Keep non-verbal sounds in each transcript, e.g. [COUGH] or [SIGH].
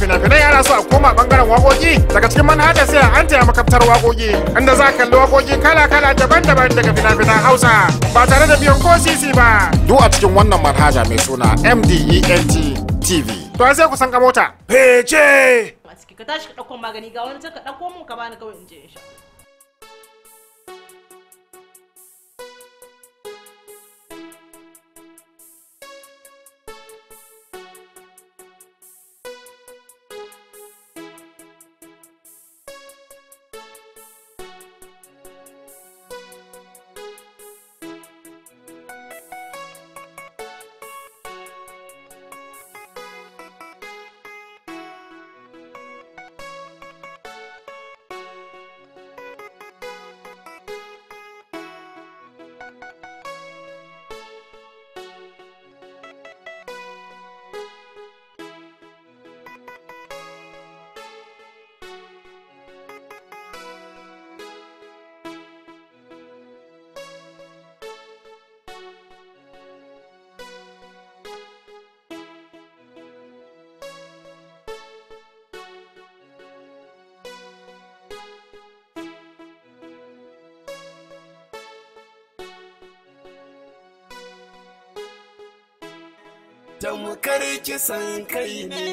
fina-finai ana so a koma bangaren wakoki daga cikin manhaja sai an taya makaftar wakoki inda za kalli wakoki kala-kala daban-daban daga fina-finan hausa ba tare da biyan ko sisi ba duk a cikin wannan manhaja mai suna mdent tv to sai ku san ka mota fece ka tashi magani ga ka ɗauko mun ka bani kawai tamkar kisan kai ne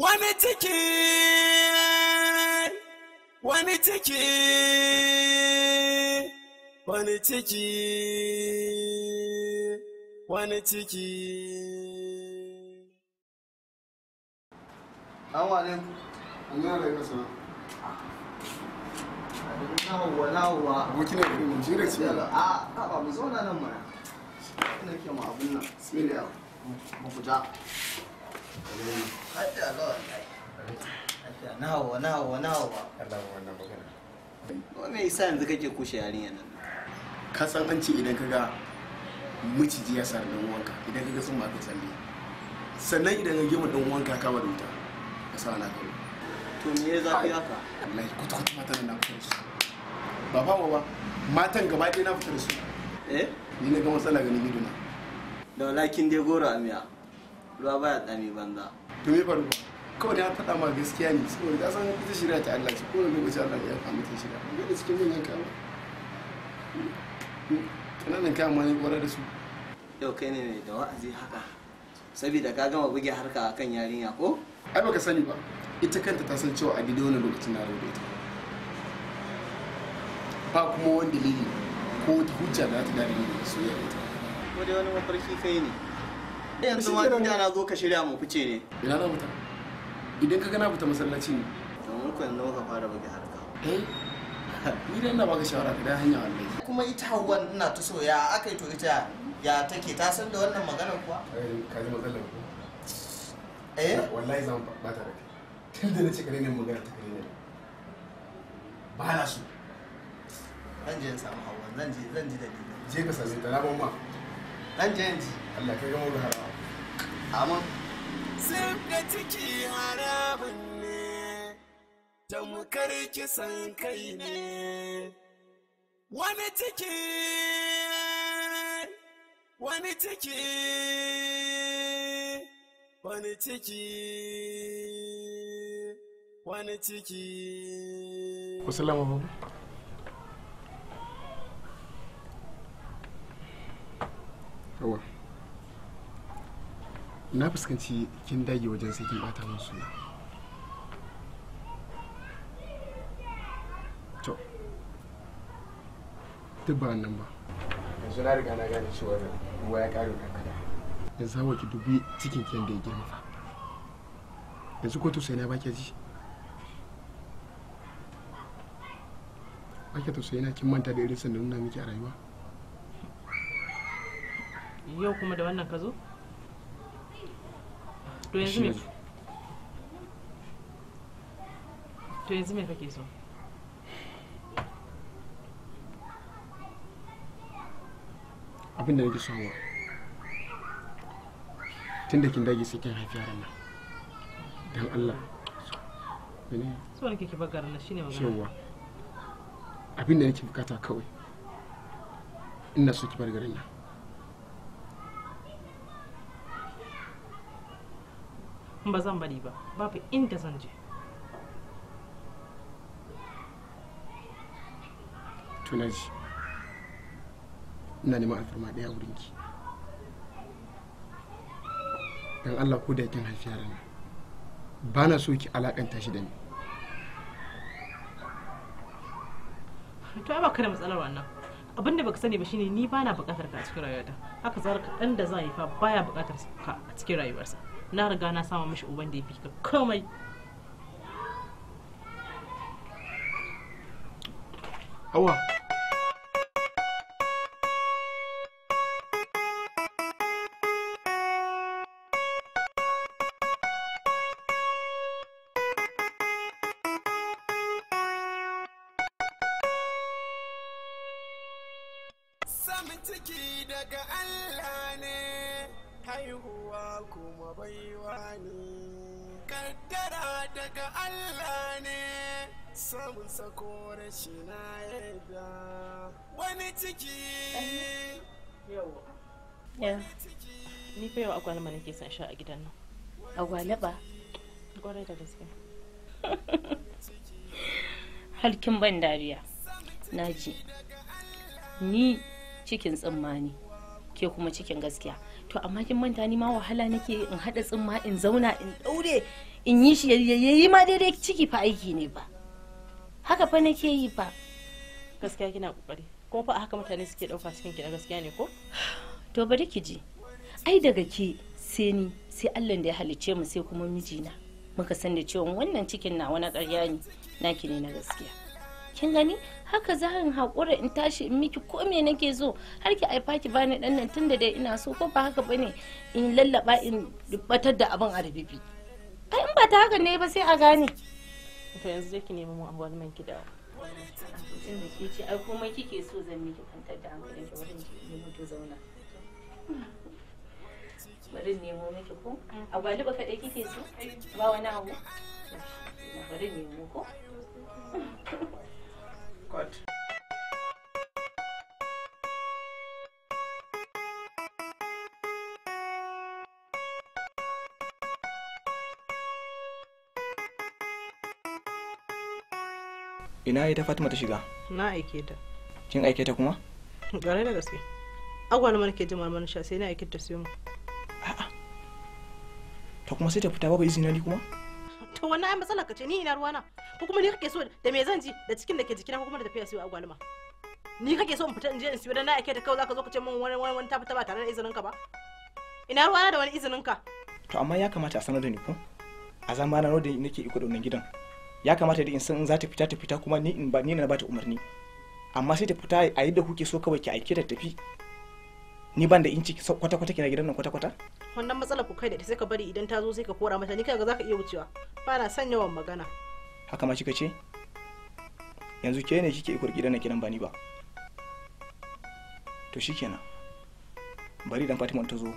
wani ciki wani ciki wani ciki wani ciki an wane an yi rai kasa na hawa na hawa wakilin da mun jira ce a ba mu zauna nan mana nake ma abun nan sai da mafuta hadda lawan na nawa nawa nawa Allah wannan magana me yasa yanzu kake kushe yarinya nan ka san an ce idan kaga miciji ya sar dan uwanka, idan kaga sun ba ka tsalle sannan idan ka gima dan uwanka kama da wuta ka sa na kawo to me ya zafi haka wallahi ta kuma tana na fitar su ba ba ba matan gaba ɗaya na fitar su eh ni ne ga matsala ga libido na da walakin dai goro a miya ruwa baya tsami banza to me faru kawai da faɗa ma gaskiya ne saboda ka san ita shirya ta Allah ce kowane lokaci Allah ya kama ta shirya ga da cikin manyan kawo kananan kayan ma ne kwarar da su yau kai ne mai da wa'azi haka saboda ka gama buge harka kan yarinya ko ai baka sani ba ita kanta ta san cewa a gida wani lokacin na rubuta ba kuma wani dalili ko hujja da ta dame su yi ita ko dai wani mafarki kai ne yanzu ma inda na zo ka shirya mu fice ne ina na fita idan ka gana fita masallaci ne domin ku yanzu ka fara buga harka eh ni dan na baka shawara ka da hanya wallahi kuma ita hawan ina ta so ya yi to ita ya take ta san da wannan maganar kuwa eh, ka ji matsalar ku eh wallahi zan ba ta da tun da na ce ka ne magana ta kai ne ba na so zan je in samu hawa zan je zan ji da ni je ka same ta na ban ma zan je ji Allah ka gama da amin sun da ciki harabin ne kisan kai ne wani ciki wani ciki wani ciki wani ciki hawa na fuskanci kin dage wajen sakin kin bata na suna to duk ba nan ba yanzu na riga na gane cewa ruwa ya kare kan kada yanzu hawa ki dubi cikin ki da ya girma fa yanzu ko tausayi na baki ji baki tausayi na kin manta da irin sandan nuna miki a rayuwa yau kuma da wannan ka zo to yanzu me to yanzu me kake so abinda da nake so wa tun da kin dage sai haifi yaran nan don Allah so nake ki bagar na shine magana yawa abin da nake bukata kawai ina so ki bar garin nan ba zan bari ba babu inda zan je tunaji ina neman alfarma ɗaya wurinki don allah ko da kin haifi yaran ba na so ki alakanta shi da ni to ba ka da matsalar wannan abin da baka sani ba shine ni bana bukatar ka a cikin rayuwata haka zaka dan da za a yi fa baya bukatar ka a cikin rayuwarsa na riga na sama mishi uban da ya fi komai awa Samun ciki daga Allah haihuwa kuma baiwa ne kaddara daga Allah ne samun sako rashi na yadda wani ciki ya ni fa yau agwalama nake son sha a gidan nan agwalaba kwarai da gaske [LAUGHS] halkin ban dariya na ji ni cikin tsammani ke kuma cikin gaskiya to amma kin manta ni ma wahala nake in haɗa tsimma in zauna in ɗaure in yi shi yayi ma daidai ciki fa aiki ne ba haka fa nake yi fa gaskiya kina kokari ko fa haka mutane suke ɗauka cikin ki gaskiya ne ko to bari ki ji ai daga ke sai ni sai Allah da ya halicce mu sai kuma mijina muka san da cewa wannan cikin nawa na ƙarya ne naki ne na gaskiya kin gani haka za in haƙura in tashi in miki ko me nake so har ki aifa ki bani dan nan tunda dai ina so ko ba haka bane in lallaba in batar da abin a rububi ai in ba ta haka ne ba sai a gane to yanzu je ki nemi mu abuwan man ki dawo da ce ai komai kike so zan miki kwantar da hankalin da wurin ki mutu zauna bari nemo miki ko agwaluba kaɗai kike so ba wani abu bari nemo ko Gott. Ina ita Fatima ta shiga? Na aike ta. Kin aike ta kuma? Gare da gaske. na mana ke jimar mana sha sai na aike ta siyo mu. A'a. Ta kuma sai ta fita babu izini kuma? To wannan ai matsalar ka ce ni ina ruwana. ko kuma ni kake so da me zan ji da cikin da ke jikina ko kuma da tafiya siyo agwaluma ni kake so in fita in je in siyo dan na ake ta kawai zaka zo ka ce min wani wani wani ta fita ba tare da izinin ka ba ina ruwa da wani izinin ka to amma ya kamata a sanar da ni ko a zama na da nake iko da wannan gidan ya kamata da in san in za ta fita ta fita kuma ni in ba ni na ba ta umarni amma sai ta fita a yadda kuke so kawai ki aike ta tafi ni ban da inci kwata kwata kina gidan nan kwata kwata wannan matsalar ku kai da sai ka bari idan ta zo sai ka kora mata ni kai ga zaka iya wucewa ba na son yawan magana haka ma kika ce yanzu ke ne kike ikwar da na kiran bani ba to shikenan bari dan fatima ta zo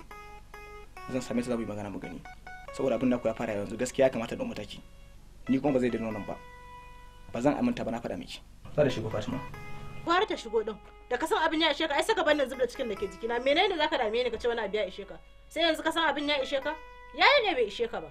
zan same ta za mu yi magana mu gani saboda abin da ku ya fara yanzu gaskiya kamata da mataki ni kuma ba zai da nonon ba ba zan aminta ba na faɗa miki za da shigo fatima gwara ta shigo din da ka san abin ya ishe ka ai saka bannin zubda cikin da ke jikina menene zaka dame ni ka ce wani abin ya ishe ka sai yanzu ka san abin ya ishe ka yayi ne bai ishe ka ba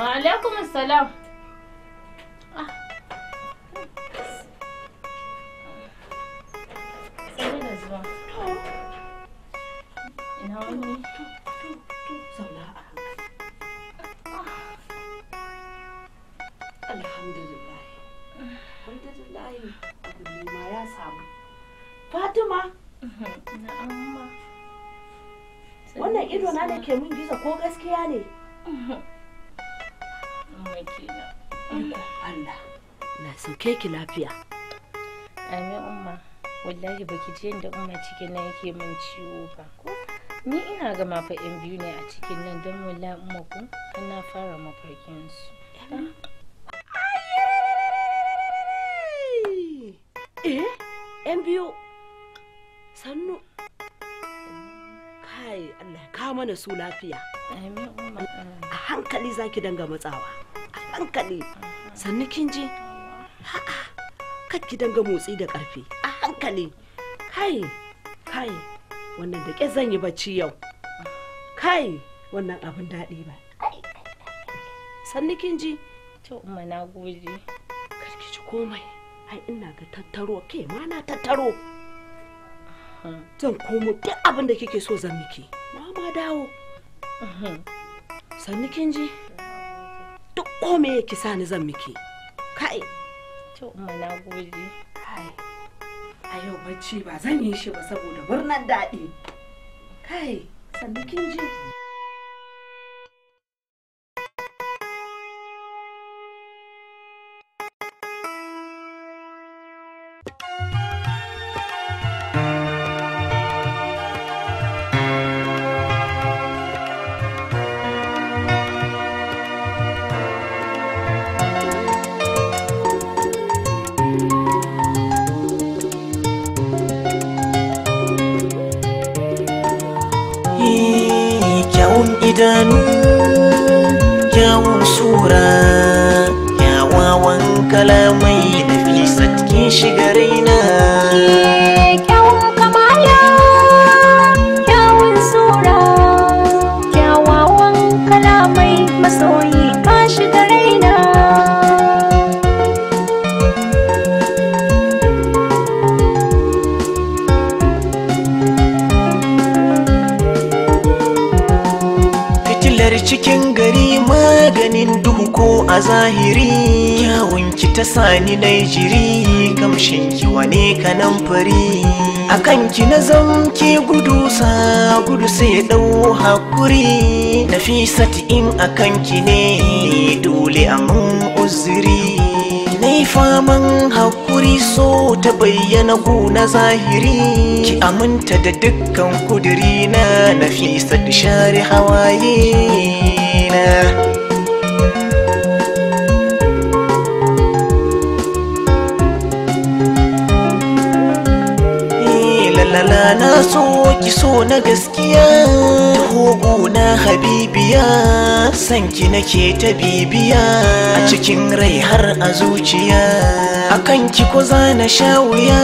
وعليكم السلام Amin umma, wallahi baki ji yadda umma cikin nan yake min ciwo ba Ni ina ga mafa yan biyu ne a cikin nan don wallahi umma ku har na fara mafarkin su. Eh, yan biyu sannu kai Allah ka mana su lafiya. A hankali zaki danga matsawa. A hankali. Sannu kin ji? Ha'a. ki danga motsi da karfi a hankali kai kai wannan da ke zan yi bacci yau kai wannan abin daɗi ba Sannikin kin ji to umma na gode karki ci komai ai ina ga tattaro ke ma na tattaro zan komo duk abin da kike so zan miki na ma dawo sannu kin ji duk komai ki sani zan miki kai to umma na gode a yau bacci ba zan yi shi ba saboda murnar daɗi kai sannu kin ji idanu kyawun sura kyawawan kalamai da fisat kin shigarai Fitar cikin gari maganin duhu ko a zahiri Kyawunki ta sani naijiri Kamshinki wane kanan fari A ki na zamke gudu sa gudu sai ɗau hakuri Nafisat in a ki ne dole a mun uzuri Nai faman hakuri wuri so ta bayyana ku na zahiri ki aminta da dukkan kudiri na nafisa da share hawaye na eh, na so ki so na gaskiya hogo na habibiya sanki nake ta bibiya a cikin rai har a zuciya akan ki ko zana sha wuya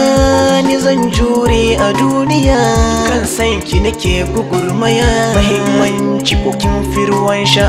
ni zan jure a duniya kan sanki nake gugurmaya mahimmanci ko kin firwan sha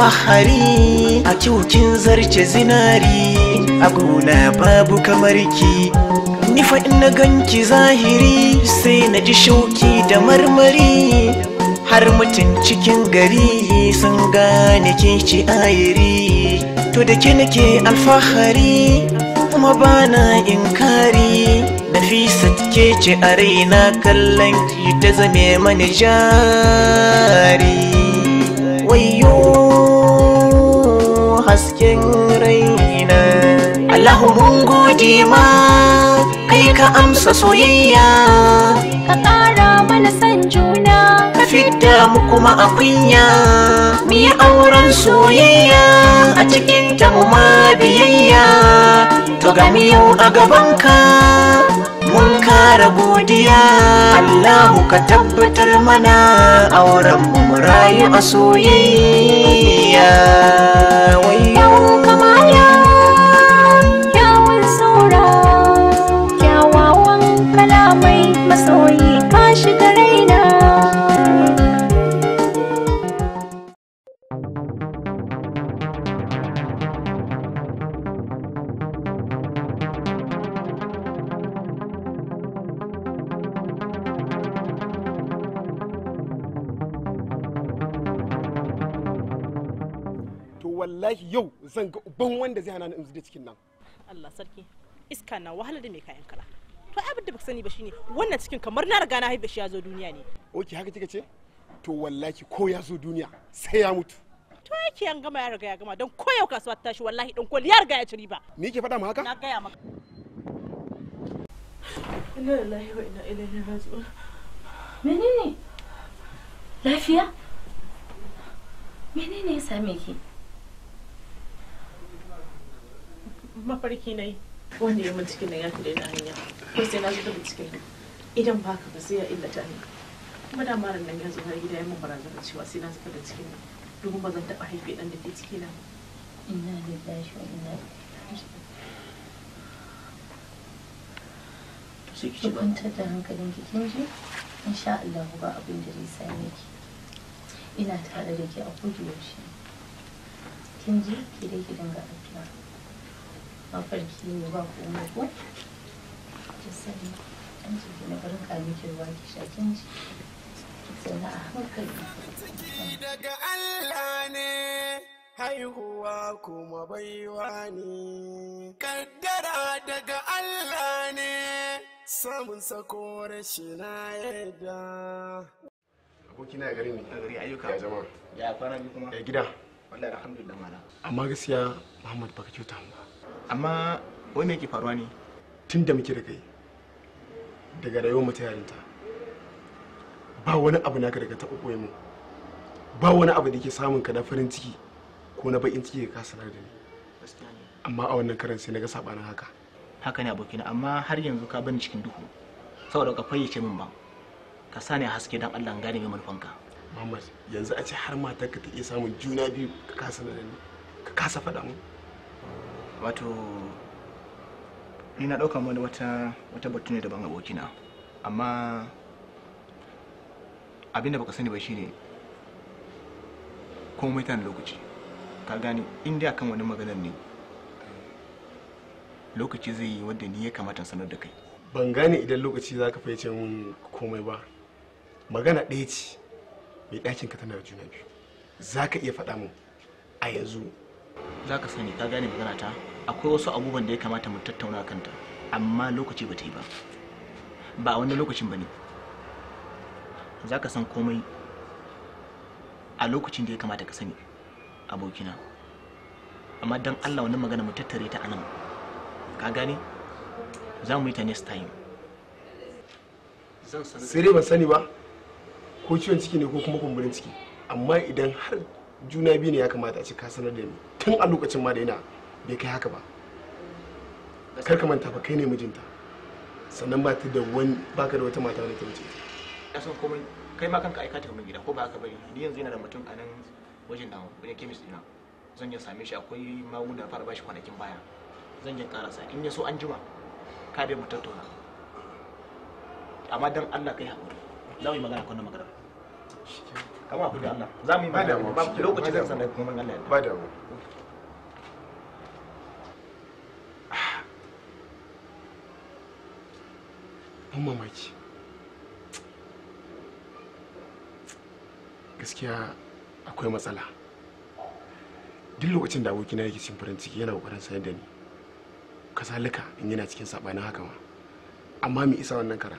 alfahari a kyaukin zarce zinari a gona babu kamar ki ni nifa na ganki zahiri sai na ji shauki da marmari har mutum cikin gari sun gane ki ci ayiri to da ke nake alfahari kuma bana inkari fi ke ce a raina kallon ki ta zame mani jari wayo hasken raina Allahu mun gode ma kai ka amsa soyayya ka ƙara mana san juna ka fidda mu kuma a kunya mu yi auren soyayya a cikin ta mu ma biyayya to ga yau a gabanka mun kara godiya Allahu ka tabbatar mana auren mu rayu a soyayya wai zan ga uban wanda zai hana ni in zuda cikin nan Allah sarki iska na wahala da mai kayan kara to abin da baka sani ba shine wannan cikin kamar na riga na haife shi ya zo duniya ne oke haka kika ce to wallahi ko ya zo duniya sai ya mutu to yake an gama ya riga ya gama don koyau kasuwa ta tashi wallahi dan kwali ya riga ya ci riba ni ke faɗa ma haka na gaya maka inna lillahi wa inna ilaihi raji'un menene lafiya menene ya same ki mafarki na yi wanda ya mun cikin nan ya fi daina hanya ko sai na zo da cikin nan idan ba ka ba sai ya illata ni kuma da maran nan ya zo har gida ya mun barazana cewa sai na zuba da cikin nan domin ba zan taɓa haife ɗan da ke ciki na inna lillahi wa inna ilaihi ki kwantar da hankalin ki kin ji insha Allah ba abin da zai same ki ina tare da ki a kodayaushe kin ji ki dai ki dinga addu'a mafarki ko na ka a daga Allah ne haihuwa kuma baiwa ne kaddara daga Allah ne samun sako shi na yadda abokina ya gari ne a gari ayyuka ya zama ya kwana bi kuma ya gida wallahi alhamdulillah mana amma gaskiya Muhammad baka kyauta mu ba amma wai me yake faruwa ne tun da muke da kai daga rayuwar mu ta yarinta ba wani abu naka daga taɓa koyi mu ba wani abu da ke samun ka na farin ciki ko na baƙin ciki ka sanar da ni amma a wannan karan sai na ga sabanin haka haka ne abokina amma har yanzu ka bani cikin duhu saboda ka fayyace min ba ka sa ni haske dan Allah gane mai manufanka Muhammad yanzu a ce har matarka ta iya samun juna biyu ka kasa da ni ka kasa faɗa mu wato ni na ɗauka mana wata wata batu ne daban abokina amma abinda baka sani ba shine komai ta lokaci ka gani inda akan wani maganar ne lokaci zai yi wanda ni ya kamata sanar da kai ban gane idan lokaci za ka fahimce mun komai ba magana ɗaya ce mai ɗakin ka tana juna biyu za ka iya faɗa mu a yanzu za ka sani ka gane magana ta akwai wasu abubuwan da ya kamata mu tattauna kanta amma lokaci ba ta yi ba ba a wani lokacin ba ne za ka san komai a lokacin da ya kamata ka sani abokina amma don allah wani magana mu tattare ta anan ka gane za mu yi ta next time sai ban sani ba ko ciwon ciki ne ko kuma kumburin ciki amma idan har juna biyu ne ya kamata a ce ka sanar da ni tun a lokacin ma da yana bai kai haka ba kar ka manta ba kai ne mijinta sannan ba ta da wani ba ka da wata mata wani ta wuce na san komai kai ma kanka aika ta gida ko ba haka bane ni yanzu yana da mutum a nan wajen nawa wajen kemis dina zan yi same shi akwai magunan fara ba shi kwanakin baya zan yi karasa in ya so an jima ka bai mu tona amma dan Allah kai hakuri za mu yi magana kwanan magana kama hakuri Allah za mu yi magana ba zan sanar kuma Allah ya da abin mamaki gaskiya akwai matsala duk lokacin da abokina yake cin farin ciki yana kokarin sayar da ni kasalika in yana cikin sabanin haka ma amma me isa wannan karan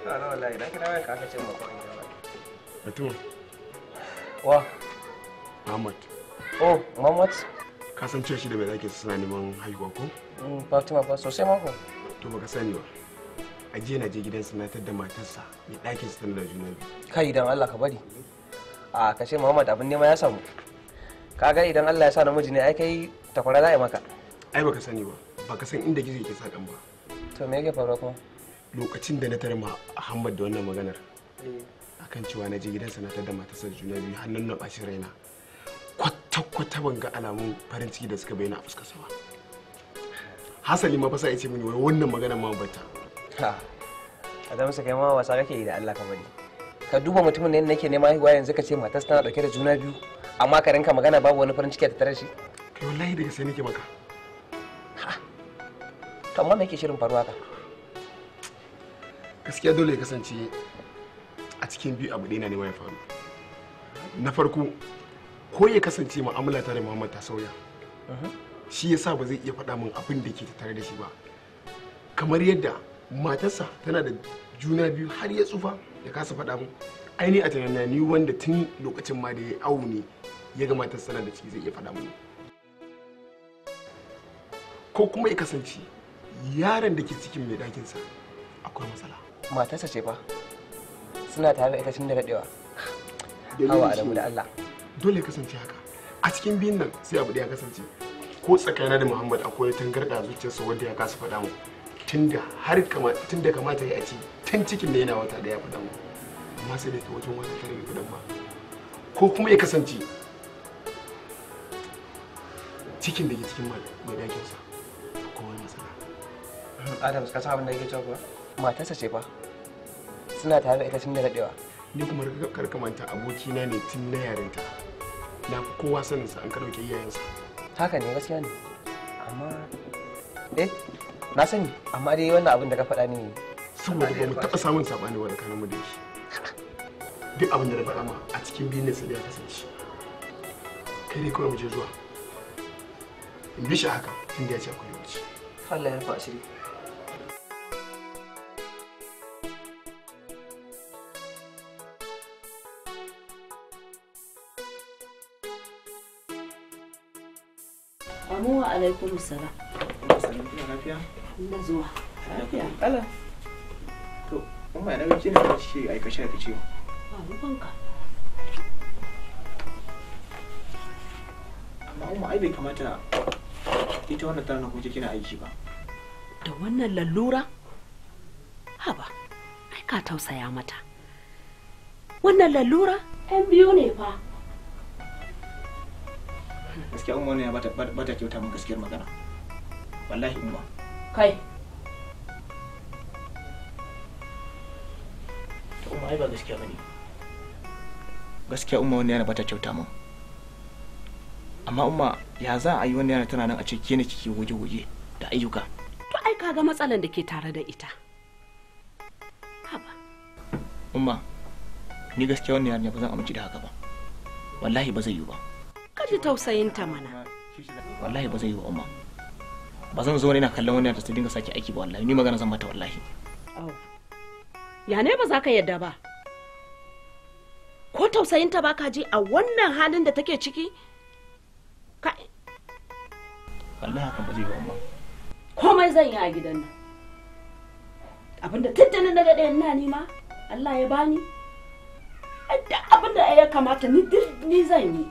Ina na wallahi idan kana wayar ka aka ce mu kawai gidan ba. Batur. Wa. Ahmad. Oh, Muhammad. Ka san cewa shi da mai zake suna neman haihuwa ko? Mm, Fatima ba sosai mako. To baka sani ba. A jiya na je gidan sanatar da matarsa mai ɗakin su tana da juna biyu. Kai idan Allah ka bari. A kashe Muhammad abin nema ya samu. Kaga idan Allah ya sa namiji ne ai kai takwara za a yi maka. Ai baka sani ba. Baka san inda gizo ke sakan ba. To me yake faruwa kuma? lokacin da na tarma Ahmad da wannan maganar akan cewa na je gidansa na da matarsa da juna biyu hannun na bashi raina kwata-kwata ban ga alamun farin ciki da suka bayyana a fuskarsa ba hasali ma fasa ya ce mini wannan magana ma bata ha a da masa kai ma wasa kake yi da Allah ka bari ka duba mutumin da nan nake nema haihuwa yanzu ka ce matarsa tana dauke da juna biyu amma ka rinka magana babu wani farin ciki a tattare shi kai wallahi daga sai nake maka ha to amma me yake shirin faruwa ka gaskiya dole ya kasance a cikin biyu abu ɗaya na neman ya faru na farko ko ya kasance mu'amala tare da muhammad ta sauya shi ya sa ba zai iya faɗa min abin da ke tare da shi ba kamar yadda matarsa tana da juna biyu har ya tsufa ya kasa faɗa min aini a ni wanda tun lokacin ma da ya awu ne ya ga matarsa tana da ciki zai iya faɗa min ko kuma ya kasance yaron da ke cikin mai dakinsa akwai matsala matarsa ce fa suna tare da ita tun da daɗewa hawa mu da allah dole kasance haka a cikin biyun nan sai abu da ya kasance ko tsakanina da muhammad akwai tangarɗa zuciyarsa wanda ya kasa faɗa mu tunda har tunda kamata ya ci tun cikin da yana wata da ya faɗa mu amma sai dai ta wajen wata tare da faɗan ba ko kuma ya kasance cikin da ke cikin mai dakin sa akwai wani matsala. Adams ka san abin da yake cewa kuwa? Matarsa ce fa. suna tare da ita tun da daɗewa ni kuma karka manta abokina ne tun na yarinta na kowa sanin sa an karɓe iyayensa haka ne gaskiya ne amma eh na sani amma dai wannan abin da ka faɗa ne saboda ba mu taɓa samun saɓani wa tsakanin mu da shi duk abin da na faɗa ma a cikin binin sa da ya kasance kai dai kawai mu je zuwa in bi shi haka tun da ya ce akwai yawanci. Allah ya fa'a asiri wa alaikum salam na zuwa lafiya ala to umma na gaci ce ba rubanka amma umma ai bai kamata ita wannan kuma kina aiki ba da wannan lallura haba ai ka tausaya mata wannan lallura ɗan biyu ne fa gaskiya umma ne ya bata bata kyauta min gaskiyar magana wallahi umma kai to umma ai ba gaskiya bane gaskiya umma wannan yana bata kyauta min amma umma ya za a yi wannan yana tana nan a ce ke ne kike goge-goge da ayyuka to ai kaga matsalan da ke tare da ita haba umma ni gaskiya wannan yarinya ba zan amince da haka ba wallahi ba zai yi ba ji tausayin ta mana wallahi ba zai yi ba umma ba zan zo na kallon wani ta dinga sake aiki ba wallahi ni magana zan mata wallahi ya ne ba za ka yadda ba ko tausayin ta ka ji a wannan halin da take ciki ka wallahi hakan ba zai ba umma komai zan yi a gidan nan abinda tattalin na daɗe na nima Allah ya bani abinda ya kamata ni zan yi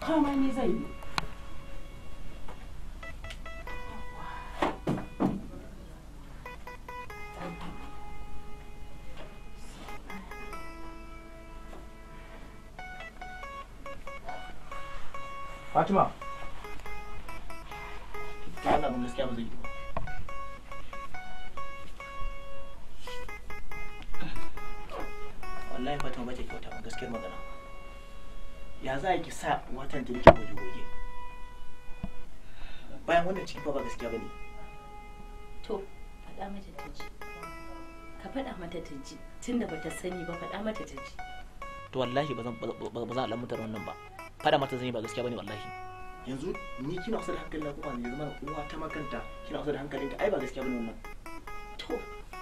Calma é mais aí. Fátima. za ki sa watan jirgin yake goge goge bayan wannan ciki fa ba gaskiya bane to faɗa mata ta ji ka faɗa mata ta ji tunda bata sani ba faɗa mata ta ji to wallahi ba zan ba za wannan ba faɗa mata zan ba gaskiya bane wallahi yanzu ni kina kusa da na kuma ne zama uwa ta makanta kina kusa da ta ai ba gaskiya bane wannan to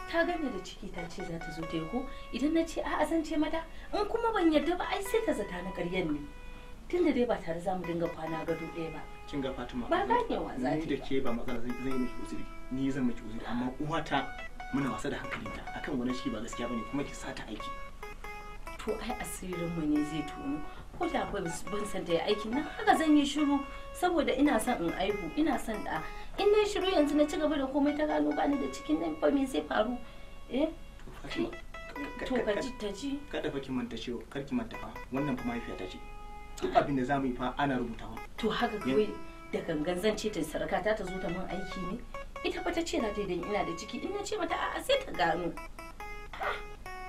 ta gane da ciki ta ce za ta zo ta yi ko idan na ce a'a zan ce mata in kuma ban yarda ba ai sai ta zata na karyan ne tun da dai ba tare za mu dinga kwana gado ɗaya ba kin ga Fatima ba ganewa za ni da ke ba magana zan zai miki uzuri ni zan miki uzuri amma uwata muna wasa da hankalinta akan wani shi ba gaskiya bane kuma ki sa ta aiki to ai asirin mu ne zai tono ko da ba ban san da aikin nan haka zan yi shiru saboda ina son in aihu ina son da in na shiru yanzu na ci gaba da komai ta gano ba ni da cikin nan fa me zai faru eh to ka ji ta ji kada fa ki manta cewa kar ki manta fa wannan fa mahaifiyata ce duk abin da za mu yi fa ana rubuta wa. to haka kawai da gangan zan ce ta sarka ta zo ta min aiki ne ita fa ta ce na dan ina da ciki in na ce mata a'a sai ta gano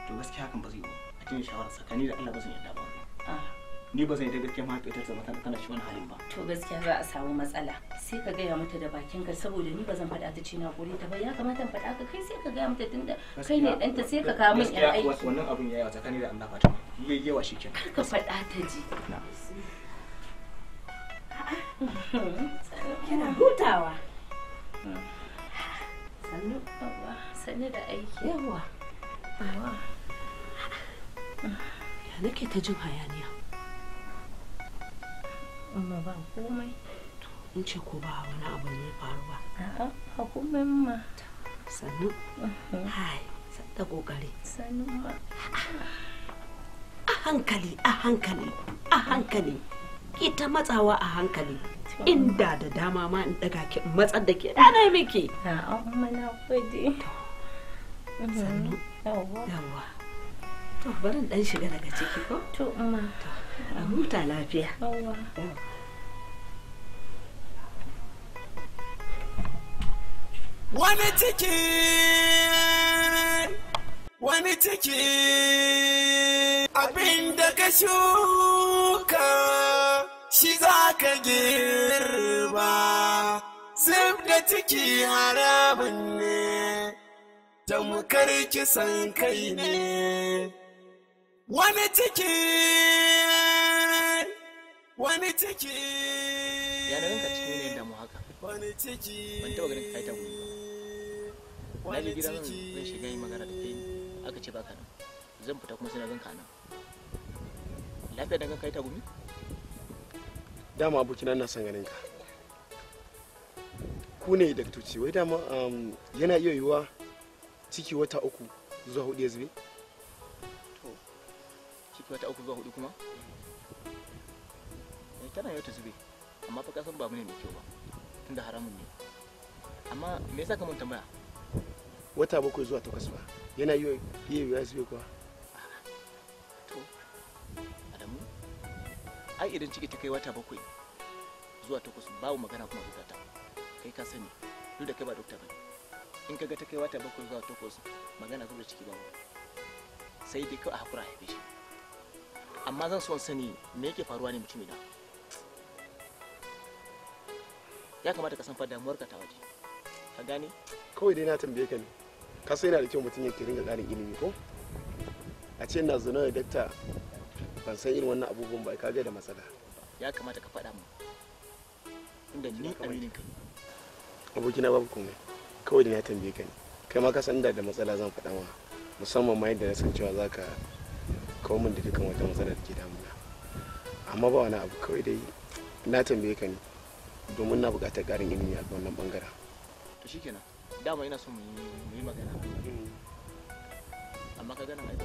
to gaskiya hakan ba zai yi a cikin shawara tsakani da Allah ba zan yarda ba ah. ni ba zan yi gaskiya ma ta zama ta kana shi wani halin ba to gaskiya za a samu matsala sai ka gaya mata da bakin ka saboda ni ba zan faɗa ta ce na gore ta ba ya kamata in faɗa ka kai sai ka gaya mata tunda kai ne ɗanta sai ka kawo min yan aiki wannan abun yayi tsakani da Allah Fatima yayi yawa shikenan ka faɗa ta ji na'am Kina hutawa. Sannu. Sannu da aiki. Ya nake ta jin hayaniya. Amma ba komai. In ce ko ba wani abu faru ba. ma. Sannu. Hai, kokari. Sannu A hankali, a hankali, a hankali. Ita matsawa a hankali. inda da dama ma in daga ki matsar da ke dana miki dan shiga daga ciki ko wani ciki wani ciki abinda ka shuka shi za ka girba sif da ciki harabin ne tamkar kisan kai ne wani ciki wani ciki Wani ka cikin ne Wani ciki. wani ciki ban taɓa ganin kai Wani ciki. ba na Wani zan Wani yi magana da Wani aka ce ciki. nan zan fita kuma Wani ciki. Wani nan lafiya ciki. Wani kai Wani dama abokina na son ganin ka ku ne daktoci wai dama um, yana iya yiwuwa ciki wata uku zuwa hudu ya zube to ciki wata uku zuwa hudu kuma eh tana yau ta zube amma fa kasan ba mu ne mai kyau ba tunda haramun ne amma me yasa ka mun tambaya wata bakwai zuwa takwas ba yana iya yiwuwa zube kuwa har idan ciki ta kai wata bakwai zuwa takwas babu magana kuma bukata kai ka sani duk da kai ba dokta bane in kaga ta kai wata bakwai zuwa takwas magana zuwa ciki babu sai dai kawai a hakura haife shi amma zan so sani me yake faruwa ne mutumina ya kamata ka san fa damuwarka ta waje ka gane kawai dai na tambaye ka ne ka sai yana da kyau mutum ya ringa ƙarin ilimi ko a ce na zuna da dakta ban san irin wannan abubuwan ba kaga da matsala ya kamata ka faɗa mu da ni aminin ka abokina babu komai kawai da na tambaye ka ne kai ma ka san da da matsala zan faɗa ma musamman ma yadda na san cewa zaka kawo min da dukkan wata matsala da ke damuna amma ba wani abu kawai dai na tambaye ka ne domin na buƙatar ƙarin ilimi a wannan bangaren to shikenan dama ina son mu yi magana mm. amma ka gana mai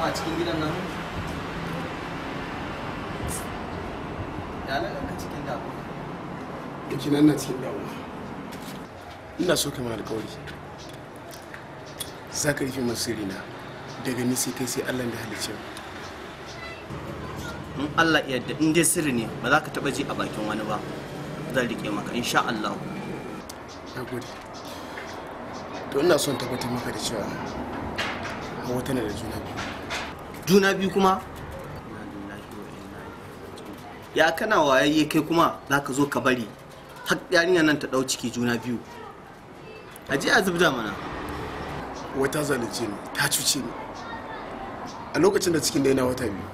kuma a cikin gidan nan ya na ka cikin damuwa ya nan na cikin damuwa ina so kamar kawai za ka rufe masu na daga nisi kai sai allah da halicce in allah yadda in dai sirri ne ba za ka taba ji a bakin wani ba zan rike maka insha allah na gode to ina son tabbatar maka da cewa wata tana da juna biyu juna biyu kuma ya kana wayayye kai kuma za ka zo ka bari har yarinya nan ta ɗau ciki juna biyu a je a zubda mana wata zalunce ne ta cuce ne a lokacin da cikin da yana wata biyu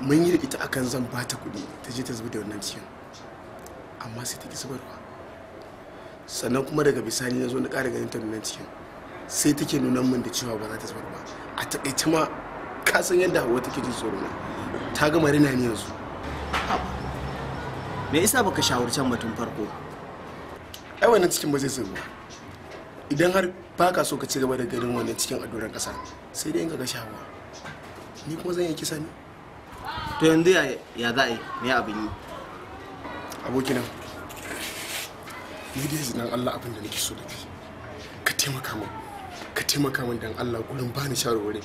mun yi da ita akan zan ba ta kuɗi ta je ta zubi da wannan cikin amma sai ta ki zubarwa sannan kuma daga bisani na zo na ƙara ganin ta wannan cikin sai take nuna min da cewa ba za ta zubar ba a taƙaice ma ka san yadda hawa take jin tsoro na ta gama rina ni yanzu me yasa baka shawarci mutum farko ai wannan cikin ba zai tsiro idan har baka so ka ci gaba da garin wannan cikin adoran kasa sai dai in ga shawa ni kuma zan yi kisa ne to yanzu ya za a yi me abin yi abokina ni dai zinan Allah abin da nake so da kai ka taimaka min ka taimaka min dan Allah gurin bani shawarwari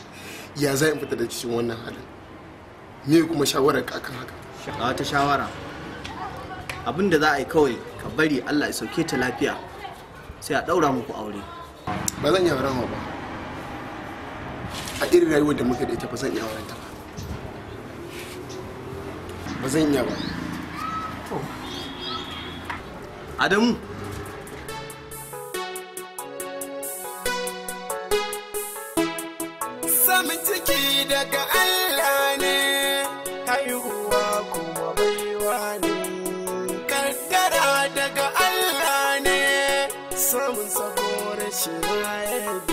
ya za in fita da cikin wannan halin me kuma shawarar ka akan haka shawara ta shawara abin da za a yi kawai ka bari Allah ya sauke ta lafiya sai a daura muku aure ba zan yi rama ba a irin rayuwar da muka da ita ba zan yi auren ta ba ba zan yi ba Adamu daga Allah ne haihuwa kuma baiwa ne kadara daga Allah ne samun sako rashin